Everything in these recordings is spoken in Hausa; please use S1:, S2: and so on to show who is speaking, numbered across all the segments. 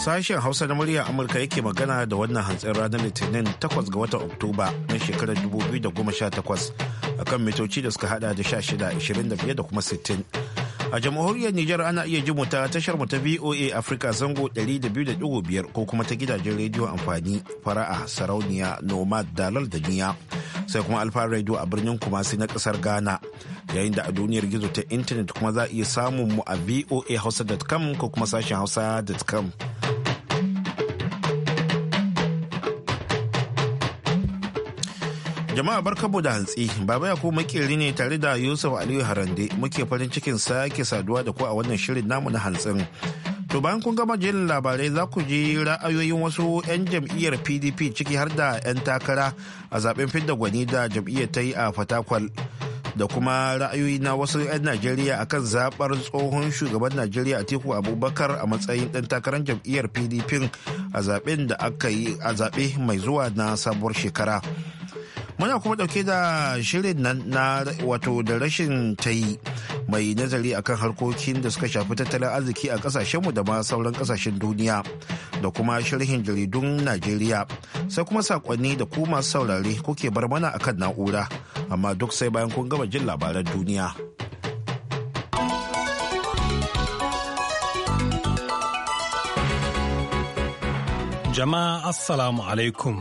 S1: Sashen Hausa na murya Amurka yake magana da wannan hantsin ranar Litinin 8 ga watan Oktoba na shekarar 2018 akan mitoci da suka hada da 16, 25 da kuma 60. A jamhuriyar Nijar ana iya ji ta tashar mu ta VOA Africa zango 200.5 ko kuma ta gidajen rediyo amfani fara'a sarauniya nomad dalal da niya sai kuma alfa radio a birnin kumasi na kasar Ghana yayin da a duniyar gizo ta intanet kuma za a iya samun mu a voahausa.com ko kuma sashen hausa.com Jama'a barkamu da hantsi, Baba Yakubu makeri ne tare da Yusuf Aliyu Harande muke farin cikin sake saduwa da ku a wannan shirin namu na hantsin. To bayan kun gama jin labarai za ku ji ra'ayoyin wasu 'yan jam'iyyar PDP ciki har da 'yan takara a zaben fidda gwani da jam'iyyar ta yi a Fatakwal. da kuma ra'ayoyi na wasu 'yan Najeriya kan zaɓar tsohon shugaban Najeriya a teku Abubakar a matsayin ɗan takarar jam'iyyar PDP a zaɓen da aka yi a zaɓe mai zuwa na sabuwar shekara. muna kuma dauke da shirin nan na wato da rashin ta yi mai nazari akan harkokin da suka shafi tattalin arziki a kasashenmu da ma sauran kasashen duniya da kuma sharhin jaridun najeriya sai kuma sakonni da kuma saurare kuke bar mana akan na'ura amma duk sai bayan kun gama jin labaran duniya
S2: jama'a assalamu alaikum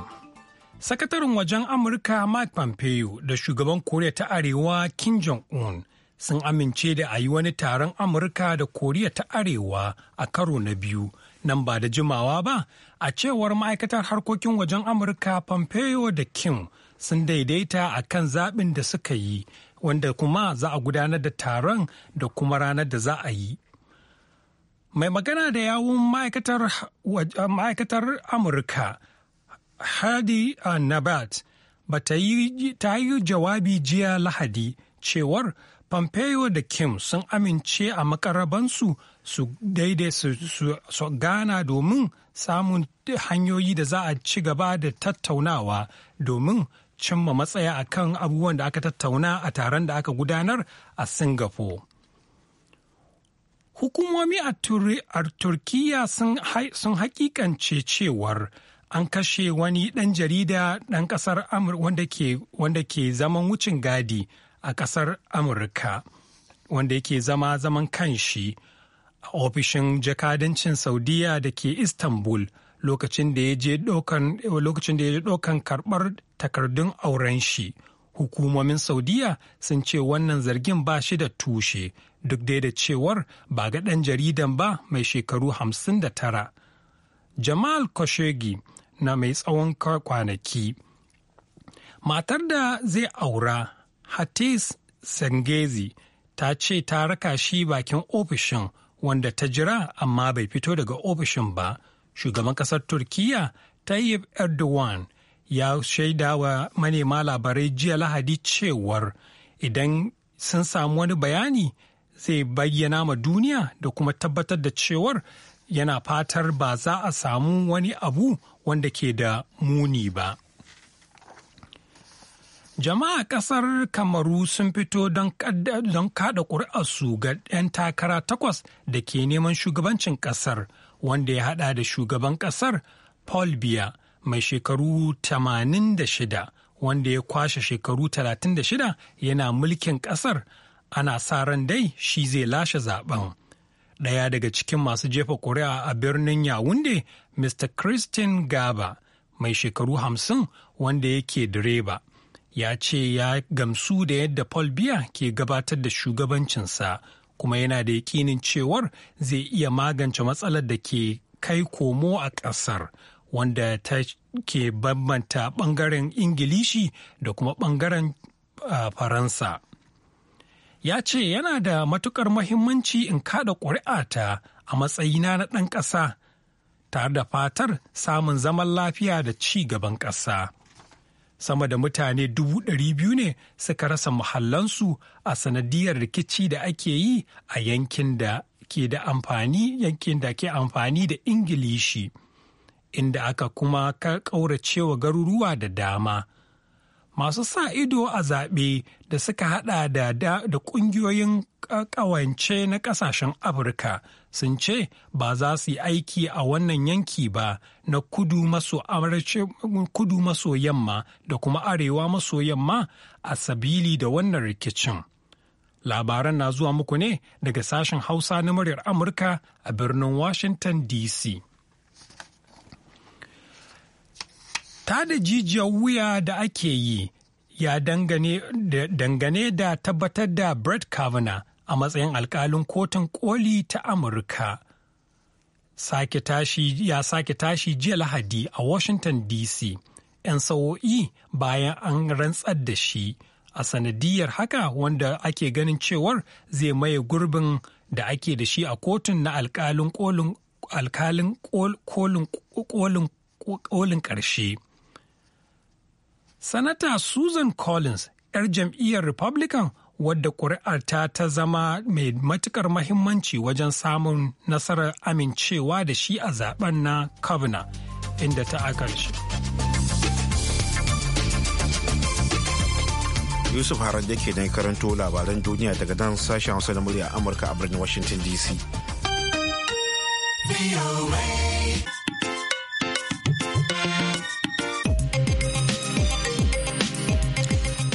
S2: Sakataren wajen Amurka Mike Pompeo da shugaban Koriya ta Arewa Kim Jong-un sun amince da a yi wani taron Amurka da Koriya ta Arewa a karo na biyu nan ba da jimawa ba a cewar ma'aikatar harkokin wajen Amurka Pompeo da Kim sun daidaita a kan zaɓin da suka yi wanda kuma za a gudanar da taron da kuma ranar da za a yi. mai magana da yawun ma'aikatar amurka hadi nabat ba ta yi jawabi jiya lahadi cewar pompeo da kim sun amince a makarabansu su daidai su gana domin samun hanyoyi da za a ci gaba da tattaunawa domin cimma matsaya a kan abubuwan da aka tattauna a taron da aka gudanar a singapore hukumomi a turkiya sun haƙiƙance cewar an kashe wani ɗan jarida ɗan ƙasar wanda ke, wanda ke zaman wucin gadi a ƙasar amurka wanda yake zama zaman kanshi a ofishin jakadancin saudiya da ke istanbul lokacin da ya je ɗaukan karɓar takardun auren shi hukumomin saudiya sun ce wannan zargin ba shi da tushe duk dai da cewar ba ga ɗan jaridan ba mai shekaru 59 jamal Koshegi na mai tsawon kwanaki matar da zai aura hatis Sengezi ta ce ta raka shi bakin ofishin wanda ta jira amma bai fito daga ofishin ba shugaban kasar Turkiyya tayyip erdogan ya shaida wa manema labarai jiya lahadi cewar idan sun samu wani bayani zai bayyana ma duniya da kuma tabbatar da cewar yana fatar ba za a samu wani abu wanda ke da muni ba. Jama'a ƙasar Kamaru sun fito don kada ƙuri'arsu ga 'yan takara takwas da ke neman shugabancin ƙasar wanda ya haɗa da shugaban ƙasar Paul Biya mai shekaru 86 wanda ya kwashe shekaru talatin da shida, yana mulkin ƙasar ana sa ran dai shi zai lashe zaben. ɗaya daga cikin masu jefa ƙuri'a a birnin yawunde mr christine gaba mai shekaru hamsin wanda yake direba ya ce ya gamsu da yadda paul biya ke gabatar da shugabancinsa kuma yana da yakinin cewar zai iya magance matsalar da ke kai komo a ƙasar wanda ta ke bambanta ɓangaren ingilishi da kuma ɓangaren uh, faransa ya ce yana da matukar mahimmanci in kada ƙuri'ata a matsayina na ɗan ƙasa tare da fatar samun zaman lafiya da ci gaban ƙasa. Sama da mutane dubu ɗari biyu ne suka rasa muhallansu a sanadiyar rikici da ake yi a yankin da ke da amfani yankin da ke amfani da Ingilishi, inda aka kuma ka ƙauracewa garuruwa da dama. masu sa ido a zaɓe da suka haɗa da da ƙungiyoyin ƙawance na ƙasashen afirka sun ce ba za su yi aiki a wannan yanki ba na kudu maso kudu maso yamma da kuma arewa maso yamma a sabili da wannan rikicin labaran na zuwa muku ne daga sashen hausa na muryar amurka a birnin washington dc ta da jijiyar wuya da ake yi ya dangane da tabbatar da Brett Kavanaugh a matsayin alkalin kotun koli ta Amurka. Sake tashi ya sake tashi jiya Lahadi a Washington DC, ‘yan sawo'i bayan an rantsar da shi a sanadiyar haka wanda ake ganin cewar zai maye gurbin da ake da shi a kotun na alkalin kolin kolin kolin ƙarshe. Sanata Susan Collins, 'yar jam'iyyar Republican, wadda ƙuri'arta ta zama mai matukar mahimmanci wajen samun nasarar amincewa da shi a zaben na Kavana, inda ta shi
S1: Yusuf Harar da ke karanto labaran duniya daga nan sashen Hausa na murya Amurka a birnin Washington DC.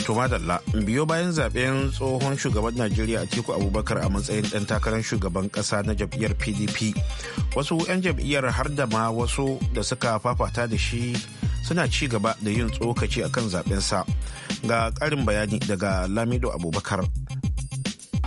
S1: To madalla biyo bayan zaben tsohon shugaban Najeriya a teku Abubakar a matsayin ɗan takarar shugaban ƙasa na jam'iyyar PDP. Wasu 'yan jam'iyyar har da ma wasu da suka fafata da shi suna ci gaba da yin tsokaci akan zaben sa. Ga karin bayani daga Lamido Abubakar.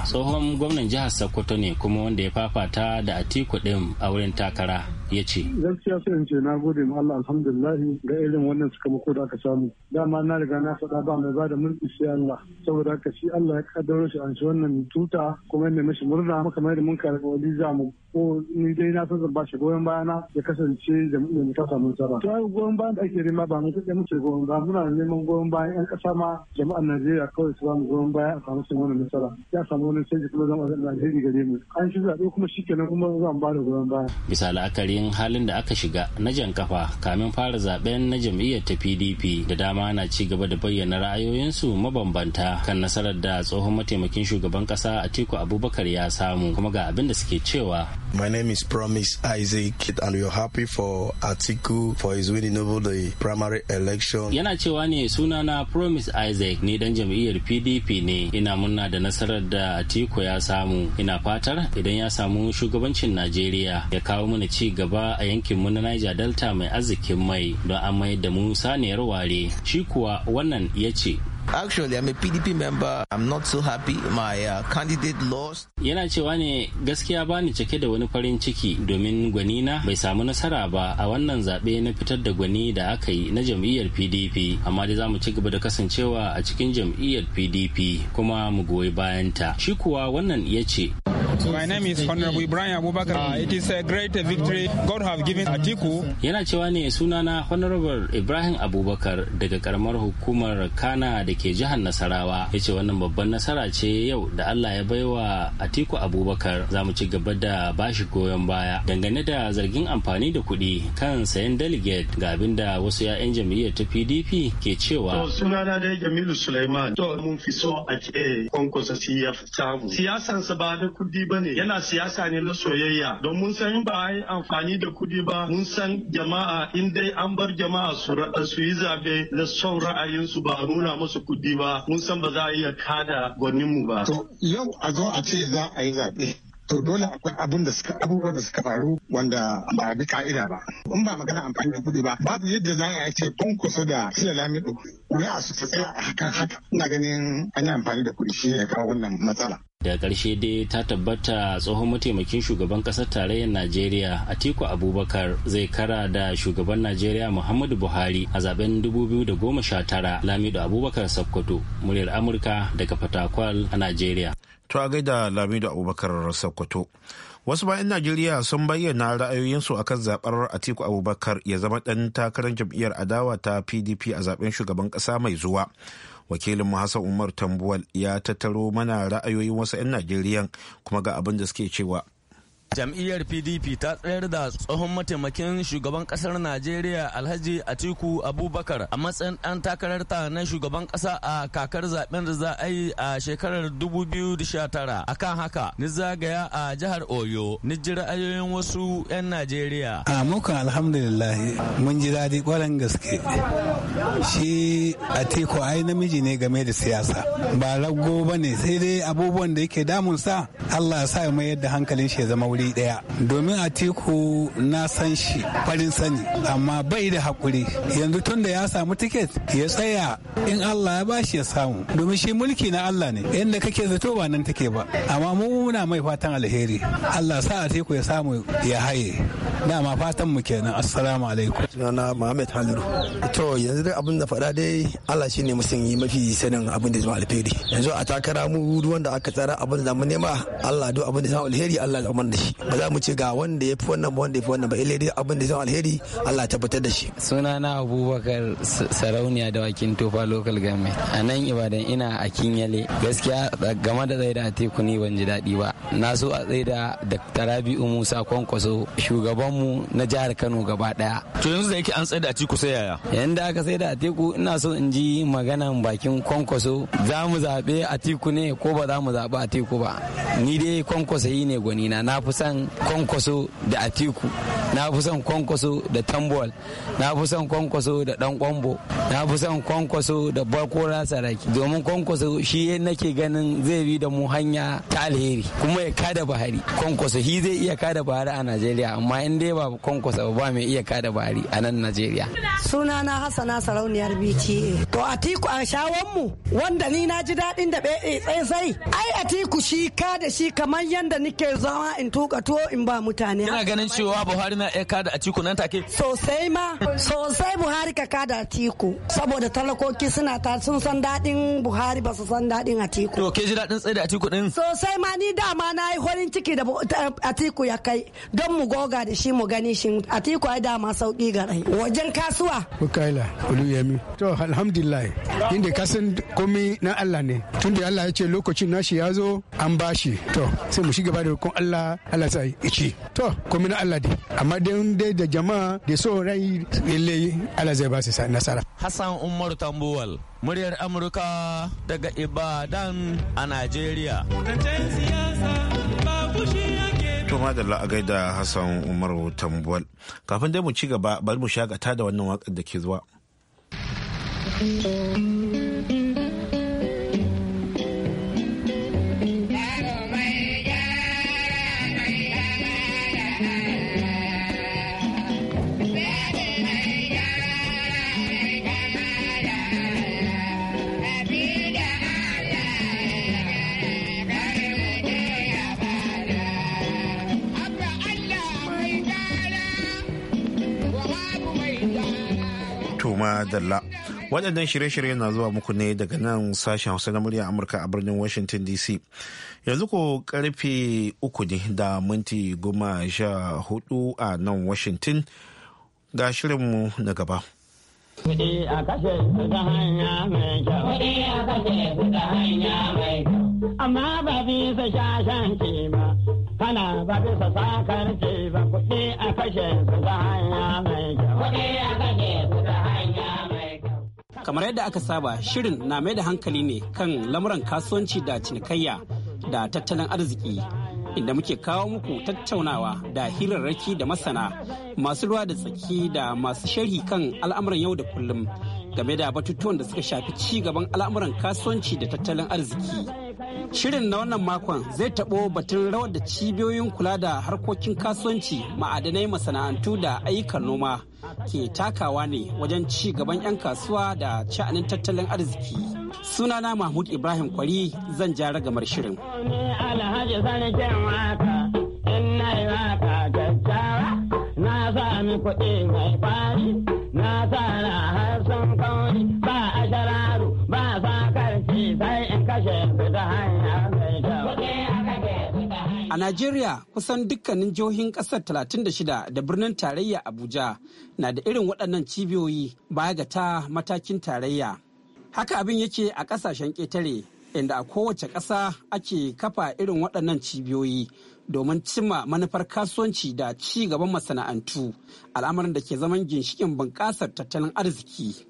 S3: tsohon gwamnan jihar sokoto ne kuma wanda ya fafata da atiku ɗin a wurin takara ya ce.
S2: Gaskiya sai in ce na gode ma Allah alhamdulillah ga irin wannan suka mako da aka samu. Dama na riga na faɗa ba mai bada mulki sai Allah. Saboda haka shi Allah ya kaddaro shi an shi wannan tuta kuma ne mashi murna muka mai da mun karɓi wani za mu ko ni dai na san zan ba shi goyon bayana ya kasance da mu ta samu nasara. To ai goyon bayan da ake rima ba mu kaɗai muke goyon bayan muna neman goyon bayan ƴan ƙasa ma jama'ar Najeriya kawai su ba mu goyon bayan a samu sun wannan nasara. Ya samu wani canji kuma zan alheri gare mu. An shi zaɓe kuma shi kenan kuma zan ba da goyon bayan.
S3: Misali la'akari matsayin halin da aka shiga na jan kafa kamin fara zaben na jam'iyyar ta pdp da dama na ci gaba da bayyana ra'ayoyinsu mabambanta kan nasarar da tsohon mataimakin shugaban kasa atiku abubakar ya samu kuma ga abin da suke cewa
S4: my name is promise isaac and we are happy for atiku for his winning over the primary election
S3: yana cewa ne sunana promise isaac ni dan jam'iyyar pdp ne ina murna da nasarar da atiku ya samu ina fatar idan ya samu shugabancin najeriya ya kawo mana ci gaba gaba a yankin mu na Niger Delta mai arzikin mai don an mai da mu saniyar ware shi kuwa wannan ya ce Actually, I'm a PDP member. I'm not so happy. My uh, candidate lost. Yana cewa ne gaskiya ba ni cike da wani farin ciki domin gwanina. bai samu nasara ba a wannan zaɓe na fitar da gwani da aka yi na jam'iyyar PDP. Amma dai za mu ci gaba da kasancewa a cikin jam'iyyar PDP kuma mu goyi bayanta. Shi kuwa wannan ya ce. My name is Honorable Ibrahim Abubakar. Ah, It is a great victory God have given Atiku. Yana cewa ne sunana Honorable Ibrahim Abubakar daga karamar hukumar Kana da ke jihar Nasarawa. Ya ce wannan babban nasara ce yau da Allah ya baiwa Atiku Abubakar za mu ci gaba da bashi goyon baya dangane da zargin amfani da kuɗi kan sayan delegate ga abin da wasu 'ya'yan jam'iyyar ta PDP ke cewa.
S1: sunana dai Jamilu Sulaiman. To mun fi so a ce kwankwasa siya
S4: samu. Siyasansa ba na kuɗi ba ne yana siyasa ne na soyayya don mun san ba a yi amfani da kuɗi ba mun san jama'a in dai an bar jama'a su yi zaɓe na son ra'ayinsu ba a nuna musu kuɗi ba mun san ba za a iya kada gwaninmu ba. To yau a zo a ce za a yi zaɓe. to dole akwai abun da suka abubuwa da suka faru wanda ba bi ka'ida ba in ba magana amfani da kudi ba babu yadda za a ce kun kusa da kila lamido
S3: a su tsaya a hakan haka ina ganin an yi amfani da kuɗi shi ya kawo wannan matsala da ƙarshe dai ta tabbata tsohon mataimakin shugaban ƙasar tarayyar najeriya atiku abubakar zai kara da shugaban najeriya muhammadu buhari a zaben 2019 lamido abubakar sakkwato muryar amurka daga fatakwal a najeriya
S1: to a gaida lamido abubakar sakkwato wasu bayan najeriya sun bayyana ra'ayoyinsu akan zaɓar atiku abubakar ya zama ɗan takarar jam'iyyar adawa ta pdp a zaben shugaban ƙasa mai zuwa wakilin Hassan Umar Tambuwal ya tattaro mana ra'ayoyin wasu 'yan Najeriyan kuma ga abin da suke cewa.
S5: Jam'iyyar PDP ta tsayar da tsohon mataimakin shugaban kasar Najeriya Alhaji Atiku Abubakar a matsayin takarar takararta na shugaban ƙasa a kakar zaben da za a yi a shekarar 2019. Akan haka, ni zagaya a jihar Oyo, ni ji ra'ayoyin wasu 'yan Najeriya.
S2: A muka alhamdulillah mun ji daɗi kwarin gaske. Shi Atiku ai namiji ne game da siyasa. Ba rago ba ne sai dai abubuwan da yake damunsa Allah ya sa mai yadda hankalin shi ya zama wuri daya domin a tiku na san shi farin sani amma bai da hakuri yanzu tun da ya samu tiket ya tsaya in allah ya bashi ya samu domin shi mulki na allah ne inda kake zato ba nan take ba amma mu muna mai fatan alheri allah sa a tiku ya samu ya haye dama fatan mu kenan assalamu alaikum sunana Muhammad Haliru to yanzu dai abin da faɗa
S4: dai
S6: Allah shine musun yi mafi sanin abin da zama alheri yanzu a takara mu duk wanda aka tsara abin da mu nema Allah duk abin da zama alheri Allah ya da shi ba za mu ce ga wanda ya fi wannan ba wanda ya fi wannan ba ilai dai abin da zama alheri Allah ya tabbatar da shi sunana Abubakar sarauniya da wakin tofa local government a nan Ibadan ina a Kinyale gaskiya game da tsaida a teku ni ban ji daɗi ba na so a tsaida da Rabi'u Musa Kwankwaso shugaban mu na jihar Kano gaba daya. To yanzu da yake an tsaye da Atiku sai yaya? Yayin da aka tsaye da Atiku ina so in ji maganan bakin kwankwaso za mu zaɓe Atiku ne ko ba za mu zaɓi Atiku ba. Ni dai kwankwaso yi ne gwanina na fi son kwankwaso da Atiku na fi son kwankwaso da Tambol na fi son kwankwaso da Dan Kwambo na fi son kwankwaso da Bakora Saraki domin kwankwaso shi nake ganin zai bi da mu hanya ta alheri kuma ya kada bahari kwankwaso shi zai iya kada bahari a Najeriya amma in dai ba kwankwasa ba mai iya kada bari a nan najeriya sunana hassana sarauniyar bta to a tiku a mu, wanda ni na ji daɗin da eh, tsaye sai ai a tiku shi ka da shi kamar yadda nike zama in tuka tuwo in ba mutane ina ganin cewa buhari na iya kada tiku nan take sosai ma sosai buhari ka kada tiku saboda talakoki suna ta sun san daɗin buhari ba su san daɗin tiku.
S3: to ke ji daɗin tsaye da a tiku din
S6: sosai ma ni dama na yi horin ciki da a tiku ya kai don mu goga da shi shi mu gani shin atiku ai dama sauki ga rai wajen kasuwa
S2: bukaila yami to
S4: alhamdulillah inda ka san komai na Allah ne tunda Allah ya ce lokacin nashi ya zo an bashi to sai mu shiga da kun Allah Allah sai ici to komai na Allah dai amma dai da jama'a da so rai lalle Allah zai ba su nasara
S5: Hassan Umar Tambuwal muryar Amurka daga Ibadan a Najeriya. siyasa
S1: ba To da la'agai da Hassan umar Tambuwal. Kafin dai mu ci gaba bari mu shakata da wannan wakar da ke zuwa. Toma Dalla. Waɗannan shirye-shirye na zuwa muku ne daga nan sashen Hausa na murya Amurka a birnin Washington DC. Yanzu ko karfe uku ne da minti goma sha hudu a nan Washington ga shirinmu na gaba.
S3: Kuɗi a kashe ta ta hanya mai kyau. Amma ba
S6: bisa shashanci ba, kana ba bisa sakarci ba, kuɗi a kashe
S3: ta hanya mai kyau. Kuɗi a kashe
S6: kamar yadda aka saba shirin na mai da hankali ne kan lamuran kasuwanci da cinikayya da tattalin arziki inda muke kawo muku tattaunawa da hirarraki da masana masu ruwa da tsaki da masu sharhi kan al'amuran yau da kullum game da batutuwan da suka shafi ci gaban al'amuran kasuwanci da tattalin arziki. Shirin na wannan makon zai taɓo batun rawar da cibiyoyin kula da harkokin kasuwanci ma'adanai masana'antu da ayyukan noma ke takawa ne wajen ci gaban 'yan kasuwa da sha'anin tattalin arziki. Sunana Mahmud Ibrahim Kwari zan jara gamar shirin. Na sami kuɗi mai fari A Najeriya kusan dukkanin jihohin kasar 36 da birnin tarayya Abuja na da irin waɗannan cibiyoyi baya ga ta matakin tarayya. Haka abin yake a ƙasashen ƙetare inda a kowace ƙasa ake kafa irin waɗannan cibiyoyi domin cimma manufar kasuwanci da ci gaban masana'antu al'amarin da ke zaman ginshikin bunƙasar tattalin arziki.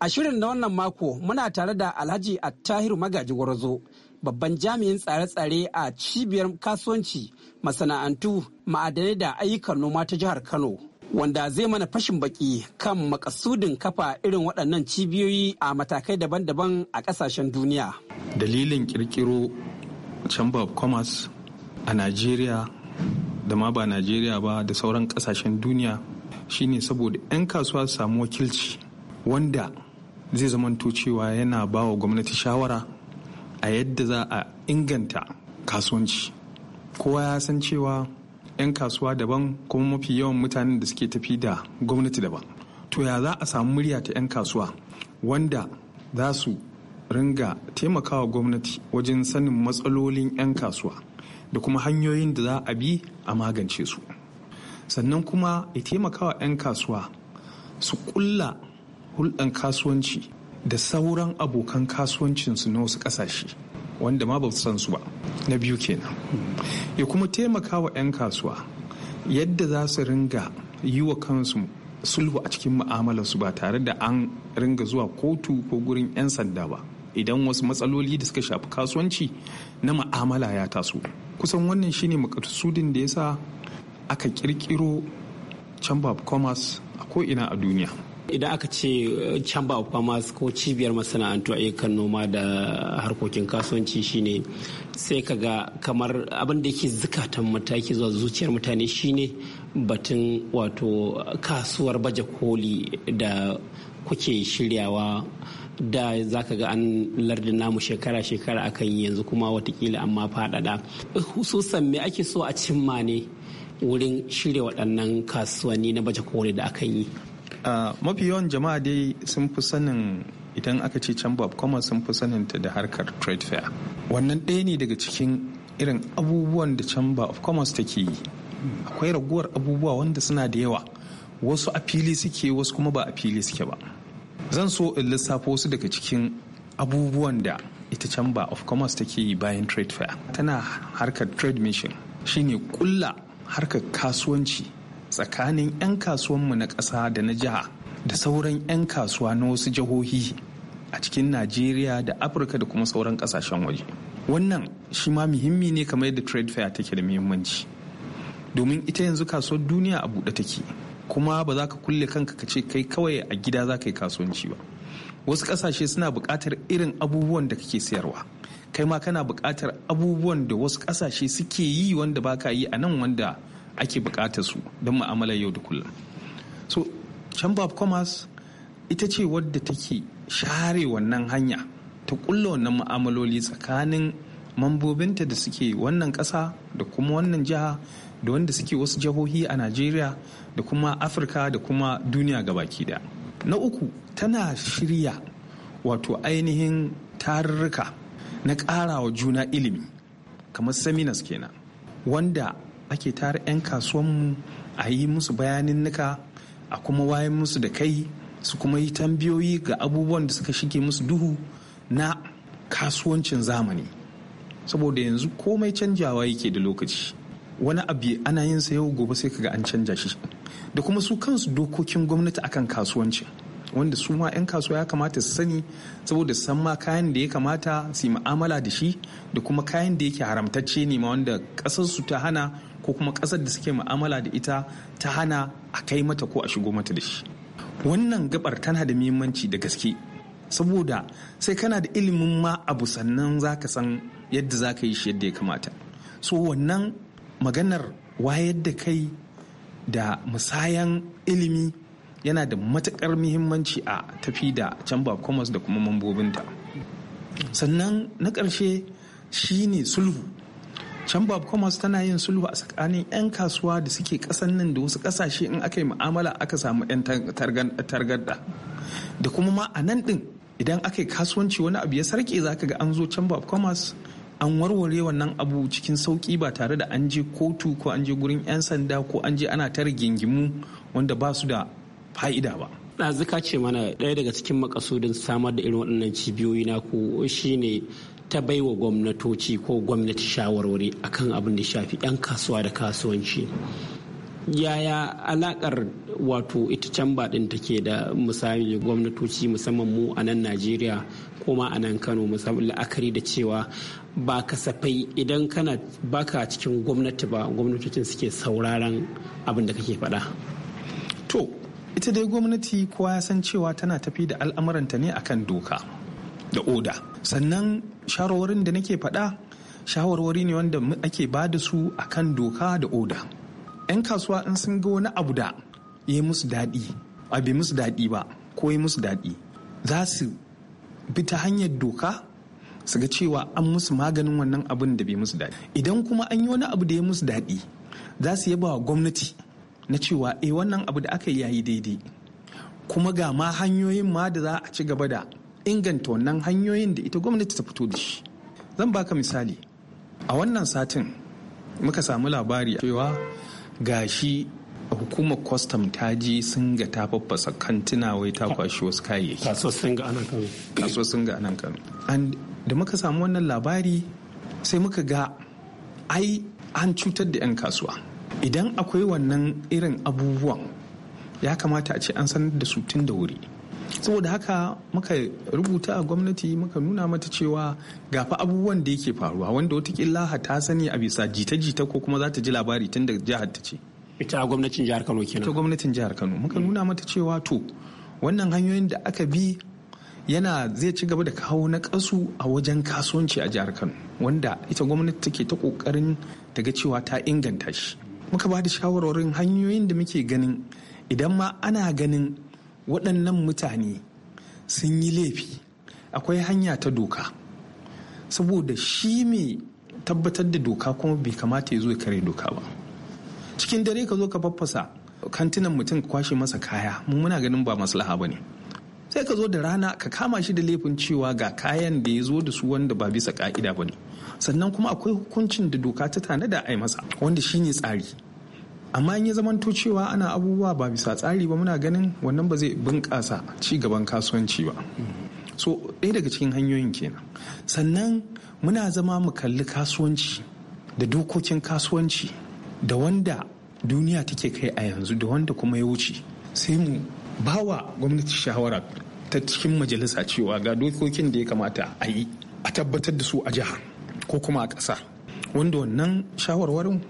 S6: A shirin na wannan mako muna tare da Alhaji Attahiru Magaji Gwarzo babban jami'in tsare-tsare a cibiyar kasuwanci masana'antu ma'adanai da ayyukan noma ta jihar kano wanda zai mana fashin baki kan makasudin kafa irin waɗannan cibiyoyi a matakai daban-daban a ƙasashen duniya
S4: dalilin ƙirƙiro chamber of commerce a najeriya da ma ba najeriya ba da sauran ƙasashen duniya shine saboda 'yan kasuwa samu wakilci wanda zai zamanto cewa yana ba wa gwamnati shawara a yadda za a inganta kasuwanci kowa ya san cewa 'yan kasuwa daban kuma mafi yawan mutanen da suke tafi da gwamnati daban to ya za a samu murya ta 'yan kasuwa wanda za su ringa taimakawa gwamnati wajen sanin matsalolin 'yan kasuwa da kuma hanyoyin da za a bi a magance su sannan kuma ya taimakawa 'yan kasuwa su kulla hulɗan kasuwanci da sauran abokan kasuwancinsu na wasu kasashe. wanda ma ba su san su ba na biyu kenan ya kuma taimaka wa 'yan kasuwa yadda za su ringa yi wa kansu sulhu a cikin mu'amalarsu ba tare da an ringa zuwa kotu ko gurin 'yan sanda ba idan wasu matsaloli da suka shafi kasuwanci na mu'amala ya taso kusan wannan shine makasudin da yasa aka kirkiro
S6: chamber of commerce a ko'ina a duniya idan aka ce eh, chamber of commerce ko cibiyar masana'antu ayyukan noma da harkokin kasuwanci shine sai ka ga kamar abin da yake zukatan mataki zuwa zuciyar mutane shine batun wato kasuwar baje koli da kuke shiryawa da za ka ga an lardin namu shekara-shekara akan yi yanzu kuma watakila amma faɗaɗa hususan me ake so a cimma ne wurin shirya waɗannan kasuwanni na baje koli da akan yi mafi yawan jama'a dai sun fi sanin
S4: idan aka ce chamber of commerce sun fi sanin ta da harkar trade fair wannan ɗaya ne daga cikin irin abubuwan da chamber of commerce take yi akwai raguwar abubuwa wanda suna da yawa wasu a fili suke wasu kuma ba a fili suke ba zan so in lissafa wasu daga cikin abubuwan da ita chamber of commerce take yi bayan trade fair tana harkar trade mission shine kulla harkar kasuwanci tsakanin 'yan kasuwanmu na ƙasa da na jiha da sauran 'yan kasuwa na wasu jihohi a cikin najeriya da afirka da kuma sauran ƙasashen waje wannan shi ma muhimmi ne kamar yadda trade fair take da muhimmanci domin ita yanzu kasuwar duniya a buɗe take kuma ba za ka kulle kanka ka ce kai kawai a gida za ka yi kasuwanci ba wasu ƙasashe suna buƙatar irin abubuwan da kake sayarwa kai ma kana buƙatar abubuwan da wasu ƙasashe suke yi wanda ba ka yi a nan wanda ake bukatar su don mu'amalar yau da kullum so chamber of commerce ita ce wadda take share wannan hanya ta kulla wannan ma'amaloli tsakanin mambobinta da suke wannan ƙasa da kuma wannan jiha da wanda suke wasu jihohi a najeriya da kuma afirka da kuma duniya ga baki da na uku tana shirya wato ainihin tarurruka na karawa juna ilimi kamar seminars kenan wanda ake tara 'yan kasuwanmu a yi musu bayanin nika a kuma wayan musu da kai su kuma yi tambiyoyi ga abubuwan da suka shige musu duhu na kasuwancin zamani saboda yanzu komai canjawa yake da lokaci wani abu ana yin sa yau gobe sai kaga an canja shi da kuma su kansu dokokin gwamnati akan kasuwanci wanda su ma 'yan kasuwa ya kamata su sani saboda san ma kayan da ya kamata su yi mu'amala da shi da kuma kayan da yake haramtacce ne ma wanda kasar su ta hana ko kuma ƙasar da suke mu'amala da ita ta hana a kai mata ko a shigo mata da shi wannan gabar tana da muhimmanci da gaske saboda sai kana da ilimin ma abu sannan za ka san yadda za ka yi shi yadda ya kamata so wannan maganar wayar da kai da musayan ilimi yana da matukar muhimmanci a tafi da chamber of commerce da kuma mambobinta sannan na ƙarshe shine sulhu can of commerce tana yin sulhu a tsakanin 'yan kasuwa da suke kasan nan da wasu kasashe in aka yi mu'amala aka samu 'yan targarda da kuma ma a nan din idan aka yi kasuwanci wani abu ya sarke za ka ga an zo can of commerce an warware wannan abu cikin sauki ba tare da an je kotu ko an je gurin 'yan sanda ko an je ana tara gingimu
S6: wanda ba su da fa'ida ba ɗazuka ce mana ɗaya daga cikin makasudin samar da irin waɗannan cibiyoyi na ko shine ta baiwa gwamnatoci ko gwamnati shawarwari akan abin da shafi 'yan kasuwa da kasuwanci yaya alakar wato ita can ɗin take da misali gwamnatoci musamman mu a nan najeriya kuma a nan kano musamman la'akari da cewa ba kasafai idan kana baka cikin gwamnati ba gwamnatocin suke sauraron abin da kake faɗa
S4: to ita dai gwamnati kowa ya san cewa tana tafi da al'amuranta ne akan doka da oda sannan shawarwarin da nake faɗa shawarwari ne wanda ake ba da su kan doka da oda 'yan kasuwa in sun ga wani abu da ya yi musu daɗi a bai musu daɗi ba ko ya musu daɗi za su bi ta hanyar doka su ga cewa an musu maganin wannan abin da bai musu daɗi idan kuma an yi wani abu da ya musu daɗi za su yaba wa gwamnati na cewa eh wannan abu da aka yi yayi daidai kuma ga ma hanyoyin ma da za a ci gaba da inganta wannan hanyoyin da ita gwamnati ta fito da shi zan baka misali a wannan satin muka samu labari cewa gashi hukumar kwastam ta je sun ga ta faffasa kantina wai ta kwashi wasu kayayyaki sun ga anan kano da muka samu wannan labari sai muka ga ai an cutar da 'yan kasuwa idan akwai wannan irin abubuwan ya kamata a ce an sanar da su tun da wuri saboda haka muka rubuta a gwamnati muka nuna mata cewa gafa abubuwan da yake faruwa wanda watakila ta sani a bisa jita-jita ko kuma za ta ji labari tun da jihar ta ce ita gwamnatin jihar kano kenan ita gwamnatin jihar kano muka mm. nuna mata cewa to wannan hanyoyin da aka bi yana zai ci gaba da kawo na kasu a wajen kasuwanci a jihar kano wanda ita gwamnati take ta kokarin ta ga cewa ta inganta shi muka ba da shawarwarin hanyoyin da muke ganin idan ma ana ganin waɗannan mutane sun yi laifi akwai hanya ta doka saboda shi mai tabbatar da doka kuma bai kamata ya zo kare doka ba cikin dare ka zo ka faffasa kantinan mutum ka kwashe masa kaya mun muna ganin ba maslaha ba ne sai ka zo da rana ka kama shi da laifin cewa ga kayan da ya zo da su wanda ba bisa ka'ida ba ne sannan kuma akwai hukuncin da doka ta tanada a yi masa wanda shi ne tsari amma in ya zamanto cewa ana abubuwa ba bisa tsari ba muna ganin wannan ba zai bunƙasa ci gaban kasuwanci ba so ɗaya daga cikin hanyoyin kenan sannan muna zama mu kalli kasuwanci da dokokin kasuwanci da wanda duniya take kai a yanzu da wanda kuma ya wuce sai mu bawa gwamnati shawara ta cikin majalisa cewa ga dokokin da ya kamata a yi a tabbatar da su a jiha ko kuma a ƙasa wanda wannan shawarwarin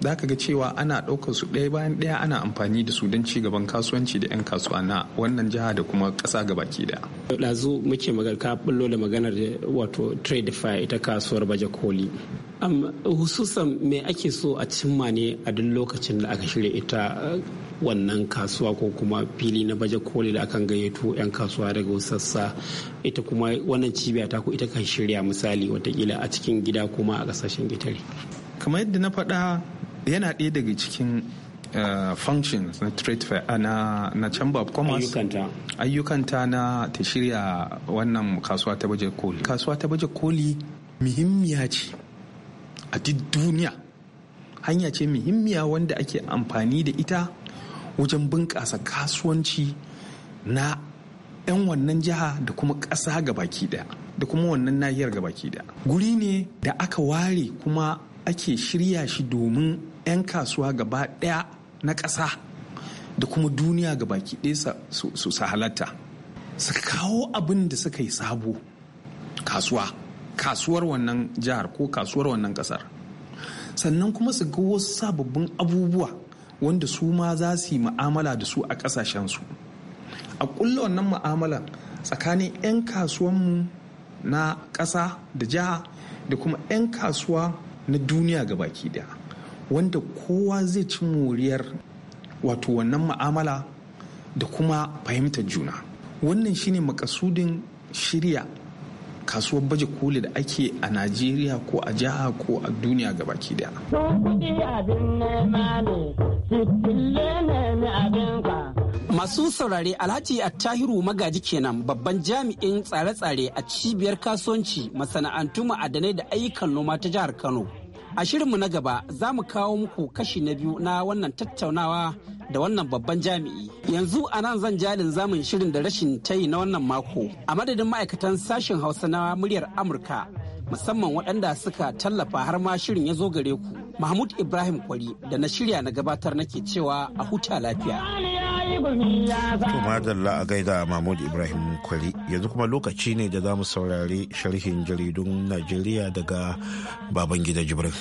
S4: za ka ga cewa ana ɗaukar su ɗaya bayan ɗaya ana amfani da su don cigaban kasuwanci da 'yan kasuwa na wannan jiha da kuma ƙasa gabaki daya.
S6: ɗazu muke magana ka bullo da maganar wato trade fair ita kasuwar baje koli hususan me ake so a cimma ne a duk lokacin da aka shirya ita uh, wannan kasuwa ko kuma fili na baje koli da akan gayyato 'yan kasuwa daga sassa ita kuma wannan cibiya ta ku ita kan shirya misali watakila a cikin gida kuma a kasashen gitare kamar yadda na faɗa yana ɗaya daga cikin Uh, functions na trade
S4: fair ah, na, chamber of commerce ayyukanta ayyukanta na ta shirya wannan kasuwa ta baje koli kasuwa ta baje koli muhimmiya ce a duk duniya hanya ce muhimmiya wanda ake amfani da ita wajen bunƙasa kasuwanci na 'yan wannan jiha da kuma ƙasa baki ɗaya da kuma wannan nahiyar baki ɗaya. guri ne da aka ware kuma ake shirya shi domin 'yan kasuwa gaba ɗaya na ƙasa da kuma duniya ga baki ɗaya su halatta su kawo abin da suka yi sabo kasuwa kasuwar wannan jihar ko kasuwar wannan ƙasar sannan kuma su ga wasu sababbin abubuwa wanda su ma za su yi ma'amala da su a ƙasashensu a ƙulla wannan ma'amala tsakanin 'yan kasuwanmu na ƙasa da jiha da kuma 'yan kasuwa na duniya ga baki daya wanda kowa zai ci moriyar wato wannan ma'amala da kuma fahimtar juna wannan shine makasudin shirya kasuwar baje koli da ake a najeriya ko a jiha ko a duniya ga baki daya
S6: masu saurare alhaji attahiru magaji kenan babban jami'in tsare-tsare a cibiyar kasuwanci masana'antu ma'adanai da ayyukan noma ta jihar kano A shirinmu na gaba za mu kawo muku kashi na biyu na wannan tattaunawa da wannan babban jami'i. Yanzu a nan zan jalin zamun shirin da rashin tayi na wannan mako. A madadin ma'aikatan sashen Hausa na muryar Amurka musamman waɗanda suka tallafa har ma shirin ya zo gare ku. Mahmud Ibrahim Kwari da na shirya na gabatar nake cewa a huta lafiya. To
S1: madalla a gaida Mahmud Ibrahim Kwari yanzu kuma lokaci ne da za mu saurari sharhin jaridun Najeriya daga Babangida jibril.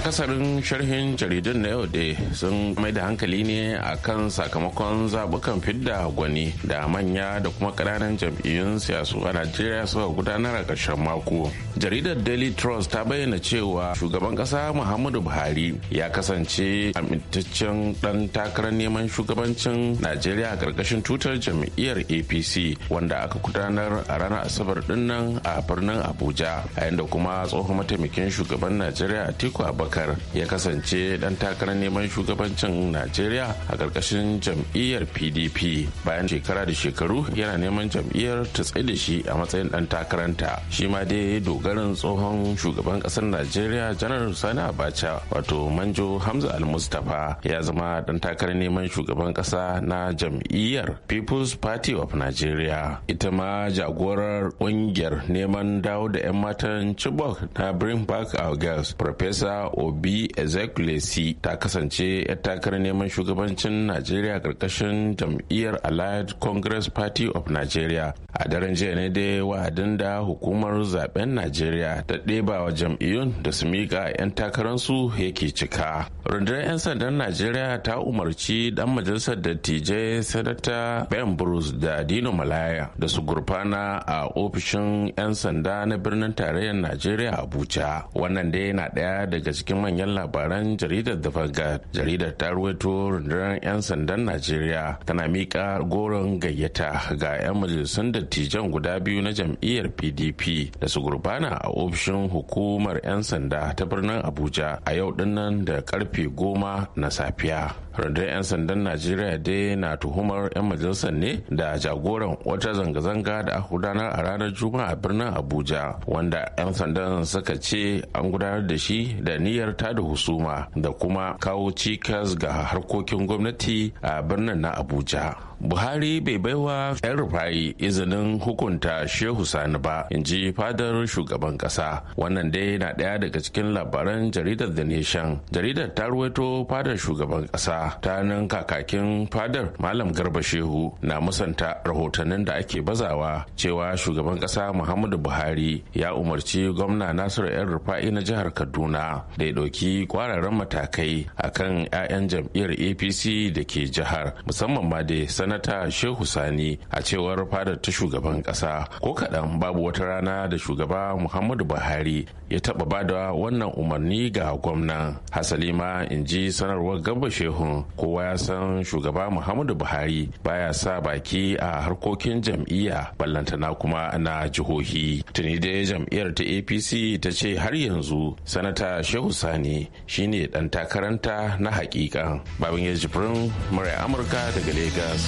S5: akasarin sharhin jaridun na yau da sun mai da hankali ne a kan sakamakon zabukan fidda gwani da manya da kuma ƙananan jam'iyyun siyasu a najeriya suka gudanar a ƙarshen mako jaridar daily trust ta bayyana cewa shugaban ƙasa muhammadu buhari ya kasance amintaccen ɗan takarar neman shugabancin najeriya a ƙarƙashin tutar jam'iyyar apc wanda aka gudanar a ranar asabar dinnan a birnin abuja a yadda kuma tsohon mataimakin shugaban najeriya atiku abubakar abubakar ya kasance dan takarar neman shugabancin najeriya a ƙarƙashin jam'iyyar pdp bayan shekara da shekaru yana neman jam'iyyar ta tsaye da shi a matsayin dan takaranta shi ma dai dogarin tsohon shugaban ƙasar najeriya janar sani abacha wato manjo hamza al-mustapha ya zama dan takarar neman shugaban ƙasa na jam'iyyar people's party of nigeria ita ma jagorar ƙungiyar neman dawo da 'yan matan chibok na bring back our girls professor obi ezekwesi ta kasance 'yar takarar neman shugabancin najeriya karkashin jam'iyyar allied congress party of nigeria a daren jiya ne dai wa'adin da hukumar zaben najeriya ta ɗeba wa jam'iyyun da su miƙa 'yan takararsu yake cika rundunar 'yan sandan najeriya ta umarci dan majalisar dattijai sanata ben bruce da dino malaya da su gurfana a ofishin 'yan sanda na birnin tarayyar najeriya abuja wannan dai yana ɗaya daga cikin manyan labaran jaridar da faga jaridar ta ruwaito rundunar 'yan sandan najeriya tana miƙa goron gayyata ga 'yan majalisun da dattijan guda biyu na jam'iyyar pdp da su gurbana a ofishin hukumar 'yan sanda ta birnin abuja a yau dinnan da karfe goma na safiya rundun 'yan sandan najeriya dai na tuhumar 'yan majalisar ne da jagoran wata zanga-zanga da aka gudanar a ranar juma'a a birnin abuja wanda 'yan sandan suka ce an gudanar da shi da niyyar ta da husuma da kuma kawo cikas ga harkokin gwamnati a birnin na abuja buhari bai baiwa yan rufayi izinin hukunta shehu sani ba in ji fadar shugaban kasa wannan dai na ɗaya daga cikin labaran jaridar the nation jaridar ta ruwaito fadar shugaban kasa ta nan kakakin fadar malam garba shehu na musanta rahotannin da ake bazawa cewa shugaban kasa muhammadu buhari ya umarci gwamna nasiru yan rufa'i na jihar kaduna da ya ɗauki kwararren matakai akan 'ya'yan jam'iyyar apc da ke jihar musamman ma da sanata shehu sani a cewar fadar ta shugaban kasa ko kaɗan babu wata rana da shugaba muhammadu buhari ya taɓa bada wannan umarni ga Gwamna! hasali ma in ji sanarwar gaba shehu kowa ya san shugaba muhammadu buhari baya sa baki a harkokin jam'iyya ballantana kuma na jihohi tuni dai jam'iyyar ta apc ta ce har yanzu sanata shehu sani shine dan takaranta na hakika babin ya jibrin murai amurka daga lagos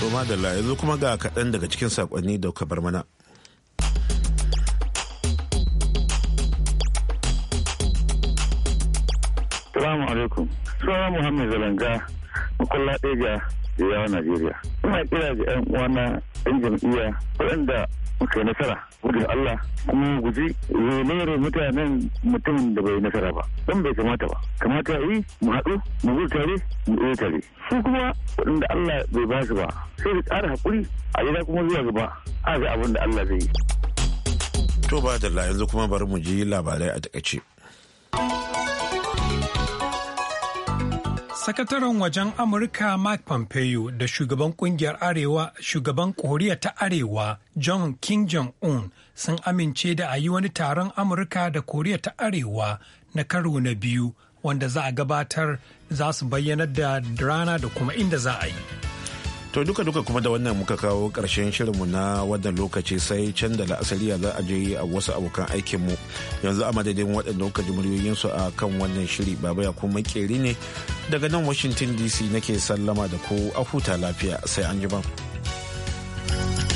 S5: to madalla yanzu kuma ga kaɗan daga
S1: cikin saƙonni da ka bar mana
S2: Salamu alaikum. Sura Muhammad Zalanga, makulla ɗaya da yawa Najeriya. Ina kira ga 'yan uwana 'yan jam'iyya waɗanda muke nasara gudun Allah kuma guji renere mutanen mutumin da bai nasara ba don bai kamata ba kamata yi mu haɗu mu gudu tare
S1: mu ɗaya tare su kuma waɗanda Allah bai ba su ba sai da ƙara haƙuri a gida kuma zuwa gaba a ga abin da Allah zai yi. To ba da yanzu kuma bari mu ji labarai a takaice.
S2: Sakataren wajen Amurka Mike Pompeo da shugaban kungiyar Arewa, shugaban Koriya ta Arewa John Kim Jong-un sun amince da a yi wani taron Amurka da Koriya ta Arewa na karo na biyu wanda za a gabatar za su bayyanar da rana da kuma inda za a yi.
S1: to duka duka kuma da wannan muka kawo karshen shirinmu na wannan lokaci sai can da la'asari za a je a wasu abokan aikinmu yanzu a madadin waɗanda kuka ji su a kan wannan shiri baba ya kuma makeri ne daga nan washington dc nake sallama da ku a huta lafiya sai an ji